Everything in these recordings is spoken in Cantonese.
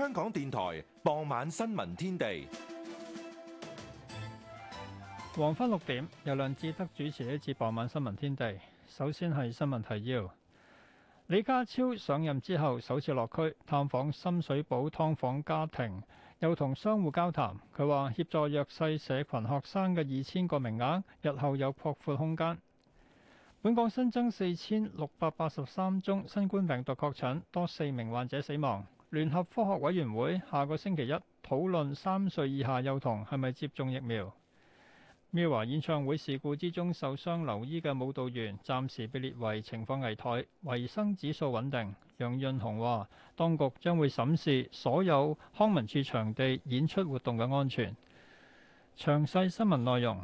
香港電台傍晚新聞天地，黃昏六點由梁志德主持一次傍晚新聞天地。首先係新聞提要：李家超上任之後首次落區探訪深水埗劏房家庭，又同商戶交談。佢話協助弱勢社群學生嘅二千個名額，日後有擴闊空間。本港新增四千六百八十三宗新冠病毒確診，多四名患者死亡。聯合科學委員會下個星期一討論三歲以下幼童係咪接種疫苗。MIRROR 演唱會事故之中受傷留醫嘅舞蹈員暫時被列為情況危殆，維生指數穩定。楊潤雄話，當局將會審視所有康文署場地演出活動嘅安全。詳細新聞內容。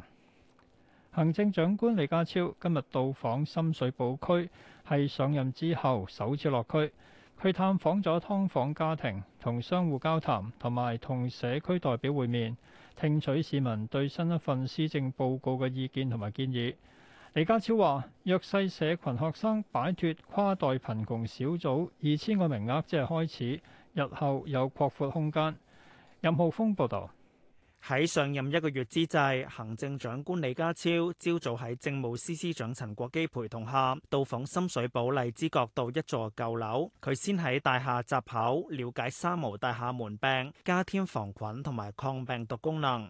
行政長官李家超今日到訪深水埗區，係上任之後首次落區。去探訪咗劏房家庭，同商戶交談同埋同社區代表會面，聽取市民對新一份施政報告嘅意見同埋建議。李家超話弱勢社群學生擺脫跨代貧窮小組二千個名額即係開始，日後有擴闊空間。任浩峰報道。喺上任一個月之際，行政長官李家超朝早喺政務司司長陳國基陪同下到訪深水埗荔枝角道一座舊樓，佢先喺大廈閘口了解三無大廈門柄加添防菌同埋抗病毒功能。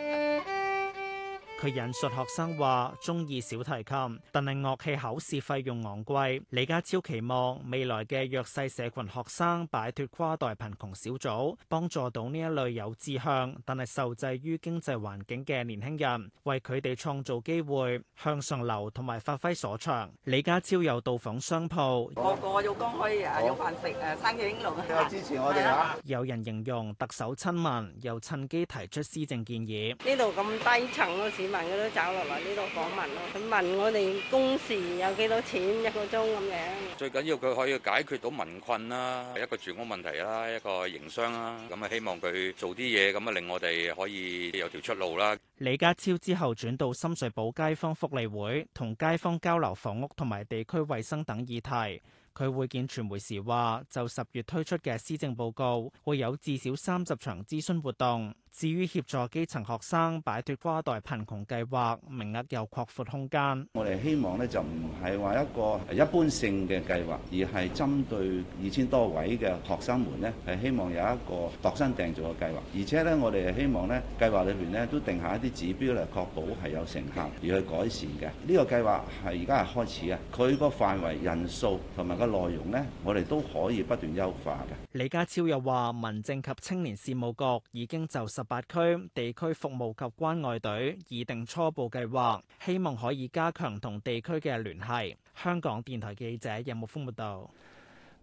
佢引述學生話：中意小提琴，但係樂器考試費用昂貴。李家超期望未來嘅弱勢社群學生擺脱跨代貧窮小組，幫助到呢一類有志向但係受制於經濟環境嘅年輕人，為佢哋創造機會向上流同埋發揮所長。李家超有到訪商鋪，個個有工開，有飯食，誒生計路啊！支持我哋啦！有人形容特首親民，又趁機提出施政建議。呢度咁低層嘅事。問佢都走落嚟呢度訪問咯，佢問我哋工時有幾多錢一個鐘咁樣。最緊要佢可以解決到民困啦，一個住屋問題啦，一個營商啦，咁啊希望佢做啲嘢，咁啊令我哋可以有條出路啦。李家超之後轉到深水埗街坊福利會，同街坊交流房屋同埋地區衛生等議題。佢會見傳媒時話，就十月推出嘅施政報告，會有至少三十場諮詢活動。至於協助基層學生擺脫跨代貧窮計劃，名額又擴闊空間。我哋希望呢就唔係話一個一般性嘅計劃，而係針對二千多位嘅學生們呢，係希望有一個度身訂造嘅計劃。而且呢，我哋希望呢計劃裏邊呢都定下一啲指標嚟確保係有成效，而去改善嘅。呢個計劃係而家係開始呀，佢個範圍、人數同埋個內容呢，我哋都可以不斷優化嘅。李家超又話：民政及青年事務局已經就十八區地區服務及關愛隊擬定初步計劃，希望可以加強同地區嘅聯繫。香港電台記者任木峯報道。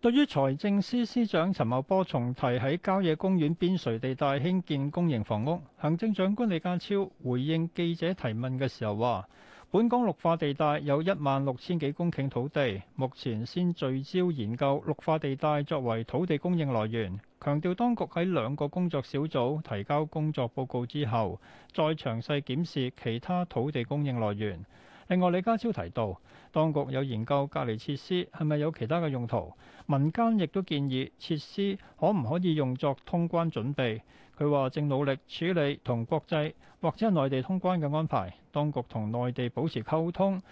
對於財政司司長陳茂波重提喺郊野公園邊陲地帶興建公營房屋，行政長官李家超回應記者提問嘅時候話：本港綠化地帶有一萬六千幾公頃土地，目前先聚焦研究綠化地帶作為土地供應來源，強調當局喺兩個工作小組提交工作報告之後，再詳細檢視其他土地供應來源。另外，李家超提到，當局有研究隔離設施係咪有其他嘅用途，民間亦都建議設施可唔可以用作通關準備。佢話正努力處理同國際或者係內地通關嘅安排，當局同內地保持溝通，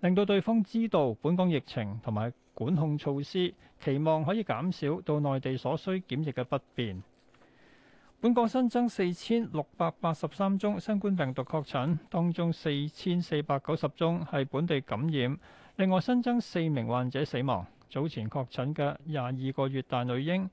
令到對方知道本港疫情同埋管控措施，期望可以減少到內地所需檢疫嘅不便。本港新增四千六百八十三宗新冠病毒確診，當中四千四百九十宗係本地感染。另外新增四名患者死亡。早前確診嘅廿二個月大女嬰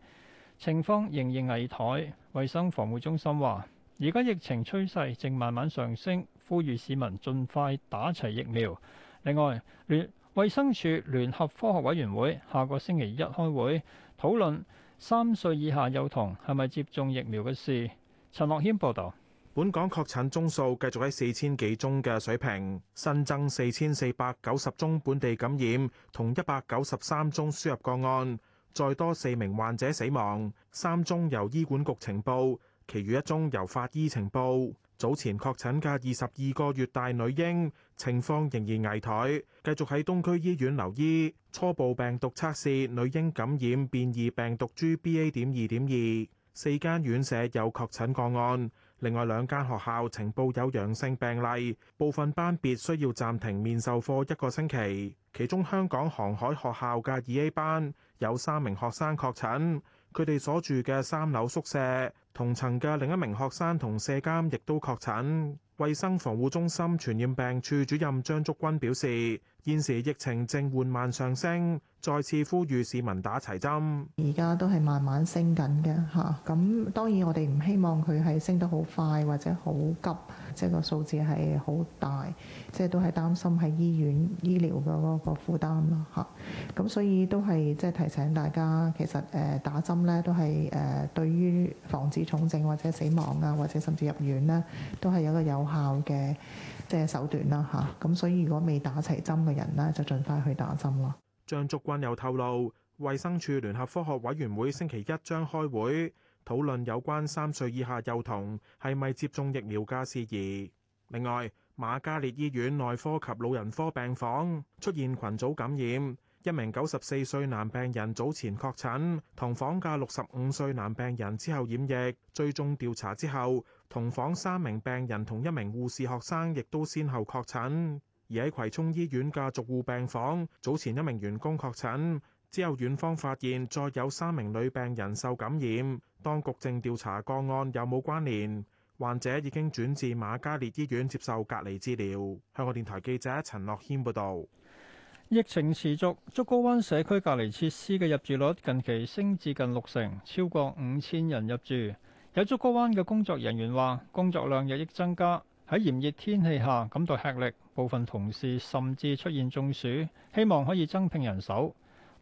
情況仍然危殆。衛生防護中心話而家疫情趨勢正慢慢上升，呼籲市民盡快打齊疫苗。另外，聯衛生署聯合科學委員會下個星期一開會討論。三歲以下幼童係咪接種疫苗嘅事。陳樂軒報導。本港確診宗數繼續喺四千幾宗嘅水平，新增四千四百九十宗本地感染，同一百九十三宗輸入個案，再多四名患者死亡，三宗由醫管局呈報。其餘一宗由法醫呈報，早前確診嘅二十二個月大女嬰情況仍然危殆，繼續喺東區醫院留醫。初步病毒測試，女嬰感染變異病毒 GBA 點二點二。四間院舍有確診個案，另外兩間學校呈報有陽性病例，部分班別需要暫停面授課一個星期。其中香港航海學校嘅二 A 班有三名學生確診。佢哋所住嘅三樓宿舍，同層嘅另一名學生同舍監亦都確診。衛生防護中心傳染病處主任張竹君表示，現時疫情正緩慢上升，再次呼籲市民打齊針。而家都係慢慢升緊嘅吓，咁當然我哋唔希望佢係升得好快或者好急，即係個數字係好大，即係都係擔心喺醫院醫療嘅嗰個負擔咯吓。咁所以都係即係提醒大家，其實誒打針咧都係誒對於防止重症或者死亡啊，或者甚至入院咧，都係有個有效嘅。嘅手段啦吓，咁、啊、所以如果未打齊針嘅人咧，就盡快去打針咯。張竹君又透露，衛生署聯合科學委員會星期一將開會討論有關三歲以下幼童係咪接種疫苗嘅事宜。另外，瑪嘉烈醫院內科及老人科病房出現群組感染。一名九十四歲男病人早前確診，同房嘅六十五歲男病人之後染疫，追蹤調查之後，同房三名病人同一名護士學生亦都先後確診。而喺葵涌醫院嘅續護病房，早前一名員工確診，之後院方發現再有三名女病人受感染，當局正調查個案有冇關聯。患者已經轉至瑪嘉烈醫院接受隔離治療。香港電台記者陳樂軒報導。疫情持續，竹篙灣社區隔離設施嘅入住率近期升至近六成，超過五千人入住。有竹篙灣嘅工作人員話，工作量日益增加，喺炎熱天氣下感到吃力，部分同事甚至出現中暑，希望可以增聘人手。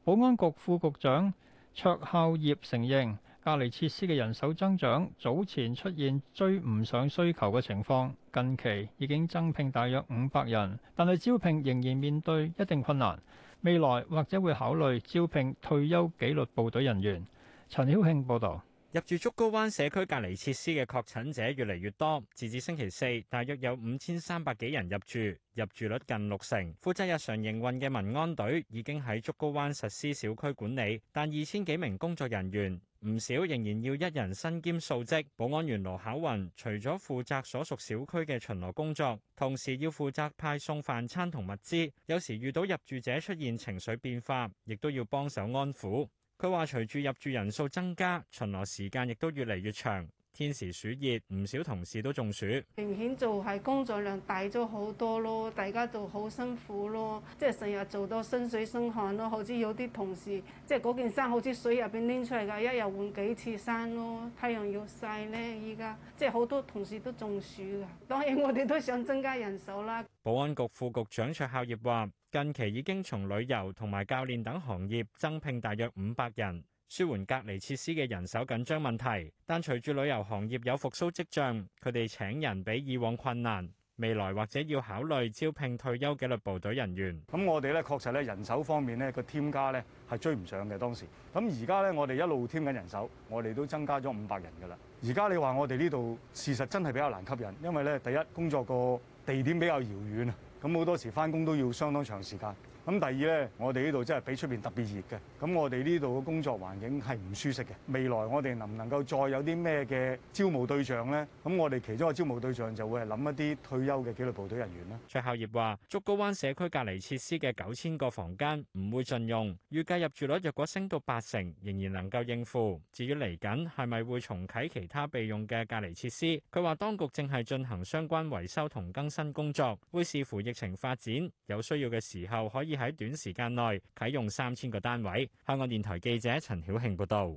保安局副局長卓孝業承認。隔離設施嘅人手增長早前出現追唔上需求嘅情況，近期已經增聘大約五百人，但係招聘仍然面對一定困難。未來或者會考慮招聘退休紀律部隊人員。陳曉慶報道。入住竹篙灣社區隔離設施嘅確診者越嚟越多，截至星期四，大約有五千三百幾人入住，入住率近六成。負責日常營運嘅民安隊已經喺竹篙灣實施小區管理，但二千幾名工作人員唔少仍然要一人身兼數職。保安員羅巧雲除咗負責所屬小區嘅巡邏工作，同時要負責派送飯餐同物資，有時遇到入住者出現情緒變化，亦都要幫手安撫。佢話：隨住入住人數增加，巡邏時間亦都越嚟越長。天時暑熱，唔少同事都中暑。明顯就係工作量大咗好多咯，大家就好辛苦咯，即係成日做到身水身汗咯。好似有啲同事，即係嗰件衫好似水入邊拎出嚟㗎，一日換幾次衫咯。太陽要晒呢，依家即係好多同事都中暑㗎。當然我哋都想增加人手啦。保安局副局長卓孝業話，近期已經從旅遊同埋教練等行業增聘大約五百人。舒緩隔離設施嘅人手緊張問題，但隨住旅遊行業有復甦跡象，佢哋請人比以往困難。未來或者要考慮招聘退休紀律部隊人員。咁我哋咧，確實咧，人手方面咧，個添加咧，係追唔上嘅當時。咁而家咧，我哋一路添緊人手，我哋都增加咗五百人㗎啦。而家你話我哋呢度事實真係比較難吸引，因為咧，第一，工作個地點比較遙遠啊，咁好多時翻工都要相當長時間。咁第二咧，我哋呢度真係比出邊特別熱嘅，咁我哋呢度嘅工作環境係唔舒適嘅。未來我哋能唔能夠再有啲咩嘅招募對象咧？咁我哋其中嘅招募對象就會係諗一啲退休嘅紀律部隊人員啦。卓孝業話：竹篙灣社區隔離設施嘅九千個房間唔會盡用，預計入住率若果升到八成，仍然能夠應付。至於嚟緊係咪會重啟其他備用嘅隔離設施，佢話當局正係進行相關維修同更新工作，會視乎疫情發展，有需要嘅時候可以。喺短時間內啟用三千個單位。香港電台記者陳曉慶報道。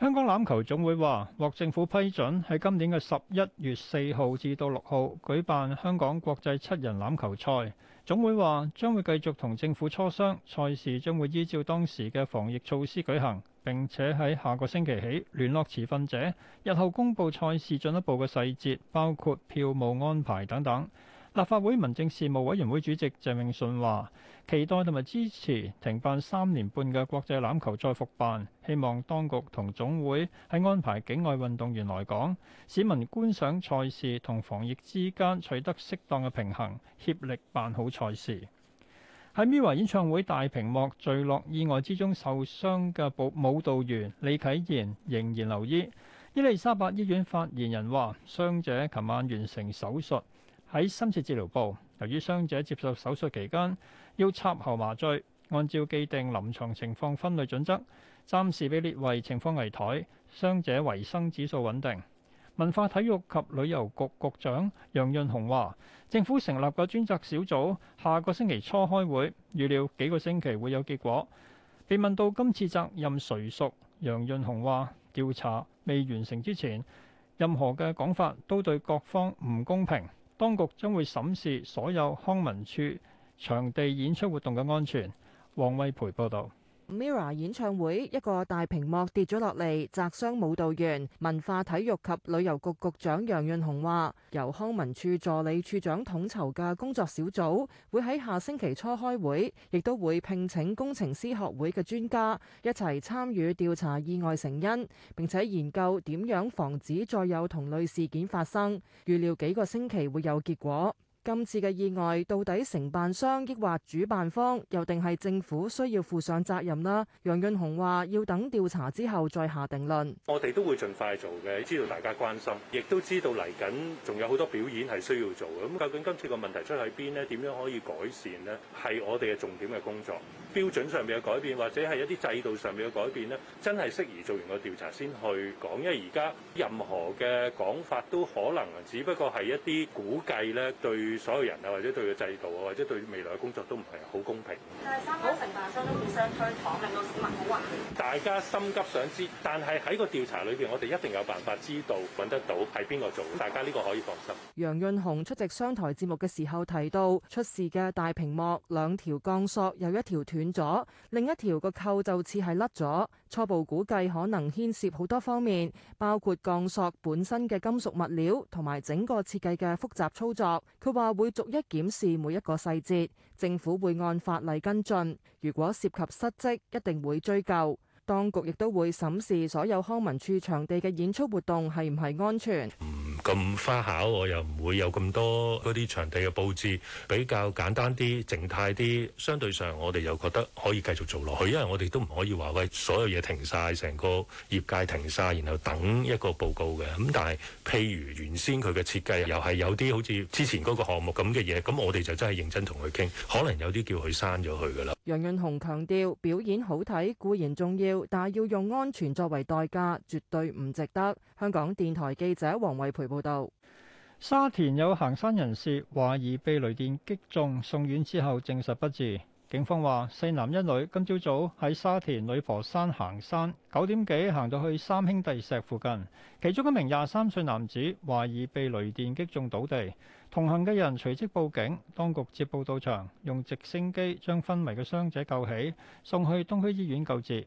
香港欖球總會話獲政府批准，喺今年嘅十一月四號至到六號舉辦香港國際七人欖球賽。總會話將會繼續同政府磋商賽事，將會依照當時嘅防疫措施舉行。並且喺下個星期起聯絡持份者，日後公布賽事進一步嘅細節，包括票務安排等等。立法會民政事務委員會主席鄭泳舜話：期待同埋支持停辦三年半嘅國際欖球再復辦，希望當局同總會喺安排境外運動員來港、市民觀賞賽事同防疫之間取得適當嘅平衡，協力辦好賽事。喺 MIRROR 演唱會大屏幕墜落意外之中受傷嘅舞蹈員李啟賢仍然留醫。伊利沙伯醫院發言人話：傷者琴晚完成手術。喺深切治療部，由於傷者接受手術期間要插喉麻醉，按照既定臨床情況分類準則，暫時被列為情況危殆。傷者維生指數穩定。文化體育及旅遊局局長楊潤雄話，政府成立個專責小組，下個星期初開會，預料幾個星期會有結果。被問到今次責任誰屬，楊潤雄話，調查未完成之前，任何嘅講法都對各方唔公平。當局將會審視所有康文署場地演出活動嘅安全。黃惠培報導。MIRROR 演唱會一個大屏幕跌咗落嚟，砸傷舞蹈員，文化體育及旅遊局局長楊潤雄話由康文署助理署長統籌嘅工作小組會喺下星期初開會，亦都會聘請工程師學會嘅專家一齊參與調查意外成因，並且研究點樣防止再有同類事件發生。預料幾個星期會有結果。今次嘅意外到底承辦商抑或主辦方又定係政府需要負上責任啦？楊潤雄話要等調查之後再下定論。我哋都會盡快做嘅，知道大家關心，亦都知道嚟緊仲有好多表演係需要做嘅。咁究竟今次個問題出喺邊咧？點樣可以改善咧？係我哋嘅重點嘅工作標準上面嘅改變，或者係一啲制度上面嘅改變咧，真係適宜做完個調查先去講。因為而家任何嘅講法都可能只不過係一啲估計咧，對。對所有人啊，或者對個制度啊，或者對未來嘅工作都唔係好公平。好，承辦商都互相推搪，令到市民好混亂。大家心急想知，但係喺個調查裏邊，我哋一定有辦法知道揾得到係邊個做，大家呢個可以放心。楊潤雄出席商台節目嘅時候提到，出事嘅大屏幕兩條鋼索有一條斷咗，另一條個扣就似係甩咗。初步估計可能牽涉好多方面，包括鋼索本身嘅金屬物料同埋整個設計嘅複雜操作。佢話會逐一檢視每一個細節，政府會按法例跟進。如果涉及失職，一定會追究。當局亦都會審視所有康文署場地嘅演出活動係唔係安全。咁花巧，我又唔會有咁多嗰啲場地嘅佈置，比較簡單啲，靜態啲，相對上我哋又覺得可以繼續做落去，因為我哋都唔可以話，喂，所有嘢停晒，成個業界停晒，然後等一個報告嘅。咁但係譬如原先佢嘅設計又係有啲好似之前嗰個項目咁嘅嘢，咁我哋就真係認真同佢傾，可能有啲叫佢刪咗佢噶啦。楊潤雄強調表演好睇固然重要，但係要用安全作為代價絕對唔值得。香港電台記者黃慧培。報道：沙田有行山人士懷疑被雷電擊中，送院之後證實不治。警方話，四男一女今朝早喺沙田女婆山行山，九點幾行到去三兄弟石附近，其中一名廿三歲男子懷疑被雷電擊中倒地，同行嘅人隨即報警，當局接報到場，用直升機將昏迷嘅傷者救起，送去東區醫院救治。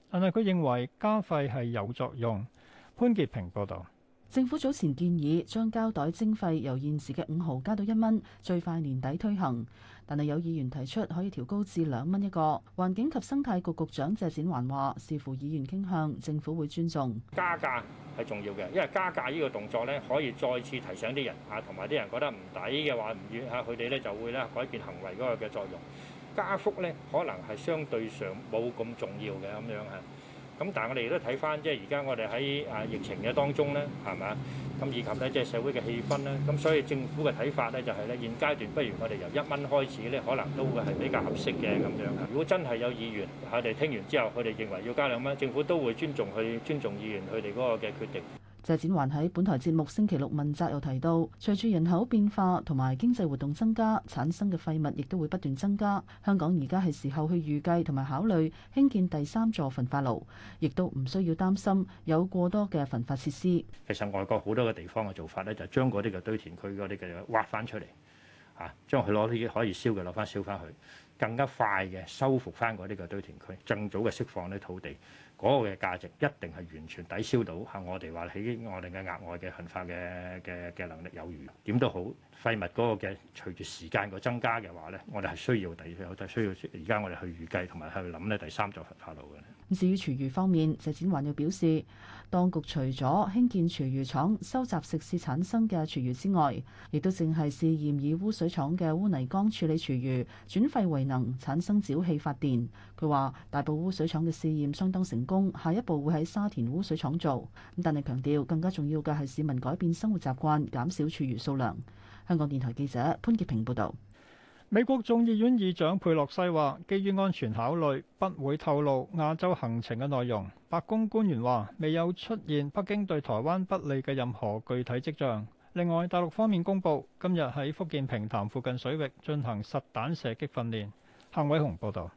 但係佢認為加費係有作用。潘潔平報道，政府早前建議將膠袋徵費由現時嘅五毫加到一蚊，最快年底推行。但係有議員提出可以調高至兩蚊一個。環境及生態局局，局長謝展環話，視乎議員傾向，政府會尊重。加價係重要嘅，因為加價呢個動作咧，可以再次提醒啲人啊，同埋啲人覺得唔抵嘅話唔願嚇佢哋咧就會咧改變行為嗰個嘅作用。加幅咧，可能係相對上冇咁重要嘅咁樣啊。咁但係我哋都睇翻，即係而家我哋喺啊疫情嘅當中咧，係嘛？咁以及咧，即係社會嘅氣氛咧，咁所以政府嘅睇法咧就係咧，現階段不如我哋由一蚊開始咧，可能都會係比較合適嘅咁樣。如果真係有議員，我哋聽完之後，佢哋認為要加兩蚊，政府都會尊重去尊重議員佢哋嗰個嘅決定。謝展環喺本台節目星期六問責又提到，隨住人口變化同埋經濟活動增加，產生嘅廢物亦都會不斷增加。香港而家係時候去預計同埋考慮興建第三座焚化爐，亦都唔需要擔心有過多嘅焚化設施。其實外國好多嘅地方嘅做法咧，就將嗰啲嘅堆填區嗰啲嘅挖翻出嚟，嚇，將佢攞啲可以燒嘅攞翻燒翻去，更加快嘅修復翻嗰啲嘅堆填區，更早嘅釋放啲土地。嗰個嘅價值一定係完全抵消到嚇，我哋話喺我哋嘅額外嘅焚化嘅嘅嘅能力有餘。點都好，廢物嗰個嘅隨住時間個增加嘅話呢，我哋係需要第有第需要，而家我哋去預計同埋去諗呢第三座焚化爐嘅。至於廚餘方面，謝展寰又表示，當局除咗興建廚餘廠收集食肆產生嘅廚餘之外，亦都淨係試驗以污水廠嘅污泥缸處理廚餘轉廢為能，產生沼氣發電。佢話大埔污水廠嘅試驗相當成功。下一步會喺沙田污水廠做，咁但係強調更加重要嘅係市民改變生活習慣，減少廚餘數量。香港電台記者潘潔平報導。美國眾議院議長佩洛西話，基於安全考慮，不會透露亞洲行程嘅內容。白宮官員話，未有出現北京對台灣不利嘅任何具體跡象。另外，大陸方面公佈今日喺福建平潭附近水域進行實彈射擊訓練。幸偉雄報導。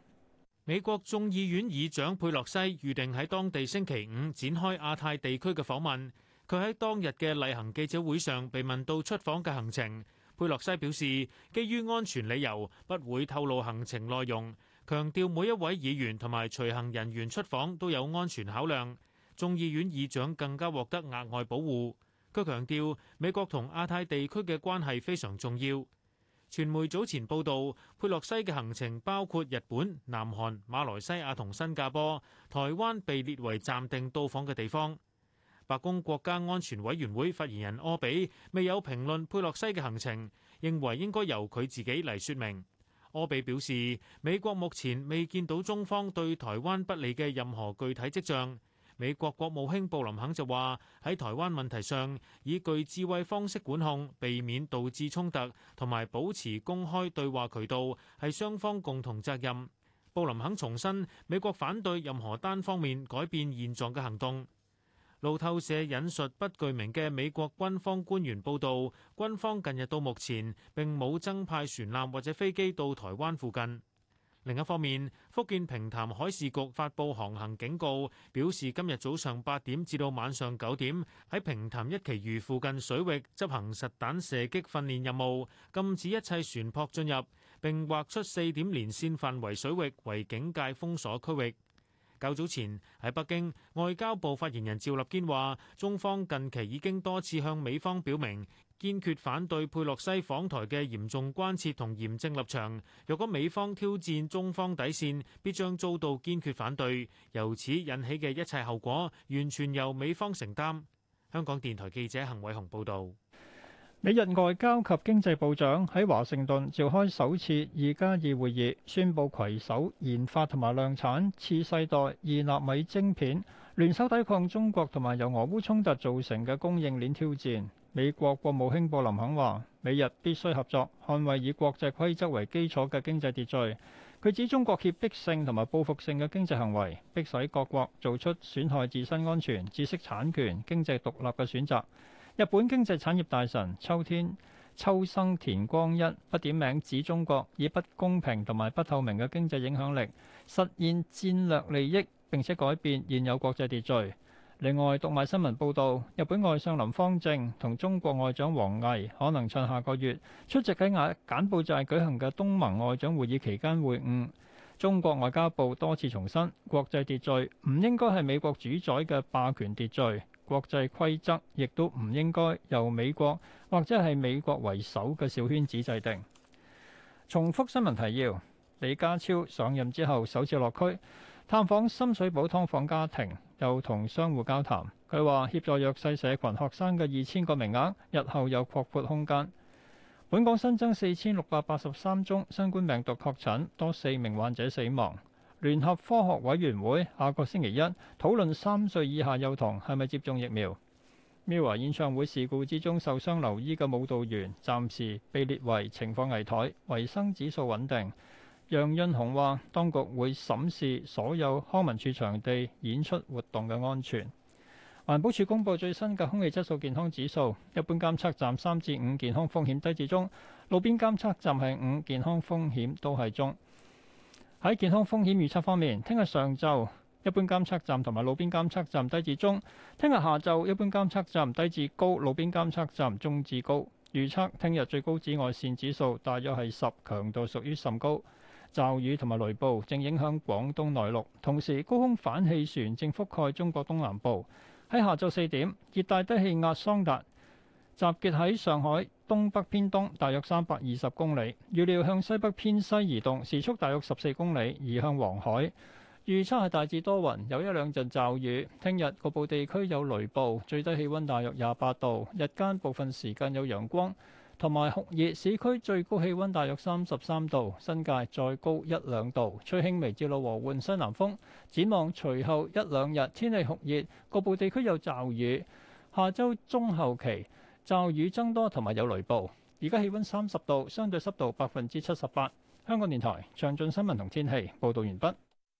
美國眾議院議長佩洛西預定喺當地星期五展開亞太地區嘅訪問。佢喺當日嘅例行記者會上被問到出訪嘅行程，佩洛西表示，基於安全理由，不會透露行程內容，強調每一位議員同埋隨行人員出訪都有安全考量。眾議院議長更加獲得額外保護。佢強調，美國同亞太地區嘅關係非常重要。傳媒早前報道，佩洛西嘅行程包括日本、南韓、馬來西亞同新加坡，台灣被列為暫定到訪嘅地方。白宮國家安全委員會發言人柯比未有評論佩洛西嘅行程，認為應該由佢自己嚟說明。柯比表示，美國目前未見到中方對台灣不利嘅任何具體跡象。美國國務卿布林肯就話：喺台灣問題上，以具智慧方式管控，避免導致衝突，同埋保持公開對話渠道，係雙方共同責任。布林肯重申，美國反對任何單方面改變現狀嘅行動。路透社引述不具名嘅美國軍方官員報道，軍方近日到目前並冇增派船艦或者飛機到台灣附近。另一方面，福建平潭海事局發布航行警告，表示今日早上八點至到晚上九點，喺平潭一期漁附近水域執行實彈射擊訓練任務，禁止一切船舶進入，並劃出四點連線範圍水域為警戒封鎖區域。較早前喺北京，外交部發言人趙立堅話：中方近期已經多次向美方表明堅決反對佩洛西訪台嘅嚴重關切同嚴正立場。若果美方挑戰中方底線，必將遭到堅決反對。由此引起嘅一切後果，完全由美方承擔。香港電台記者陳偉雄報道。美日外交及經濟部長喺華盛頓召開首次二加二會議，宣布攜手研發同埋量產次世代二納米晶片，聯手抵抗中國同埋由俄烏衝突造成嘅供應鏈挑戰。美國國務卿布林肯話，美日必須合作，捍衞以國際規則為基礎嘅經濟秩序。佢指中國脅迫性同埋報復性嘅經濟行為，迫使各國做出損害自身安全、知識產權、經濟獨立嘅選擇。日本經濟產業大臣秋天秋生田光一，不點名指中國以不公平同埋不透明嘅經濟影響力實現戰略利益，並且改變現有國際秩序。另外，讀賣新聞報道，日本外相林芳正同中國外長王毅可能趁下個月出席喺亞柬埔寨舉行嘅東盟外長會議期間會晤。中國外交部多次重申，國際秩序唔應該係美國主宰嘅霸權秩序。國際規則亦都唔應該由美國或者係美國為首嘅小圈子制定。重複新聞提要：李家超上任之後首次落區探訪深水埗劏房家庭，又同商戶交談。佢話協助弱勢社群學生嘅二千個名額，日後有擴闊空間。本港新增四千六百八十三宗新冠病毒確診，多四名患者死亡。聯合科學委員會下個星期一討論三歲以下幼童係咪接種疫苗。MIRROR 演唱會事故之中受傷留醫嘅舞蹈員暫時被列為情況危殆，維生指數穩定。楊潤雄話，當局會審視所有康文署場地演出活動嘅安全。環保署公布最新嘅空氣質素健康指數，一般監測站三至五健康風險低至中，路邊監測站係五健康風險都係中。喺健康風險預測方面，聽日上晝一般監測站同埋路邊監測站低至中；聽日下晝一般監測站低至高，路邊監測站中至高。預測聽日最高紫外線指數大約係十，強度屬於甚高。驟雨同埋雷暴正影響廣東內陸，同時高空反氣旋正覆蓋中國東南部。喺下晝四點，熱帶低氣壓桑達集結喺上海。東北偏東，大約三百二十公里，預料向西北偏西移動，時速大約十四公里，移向黃海。預測係大致多雲，有一兩陣驟雨。聽日各部地區有雷暴，最低氣温大約廿八度，日間部分時間有陽光同埋酷熱，市區最高氣温大約三十三度，新界再高一兩度。吹輕微至老和緩西南風。展望隨後一兩日天氣酷熱，各部地區有驟雨。下週中後期。驟雨增多同埋有雷暴，而家氣温三十度，相對濕度百分之七十八。香港電台詳盡新聞同天氣報道完畢。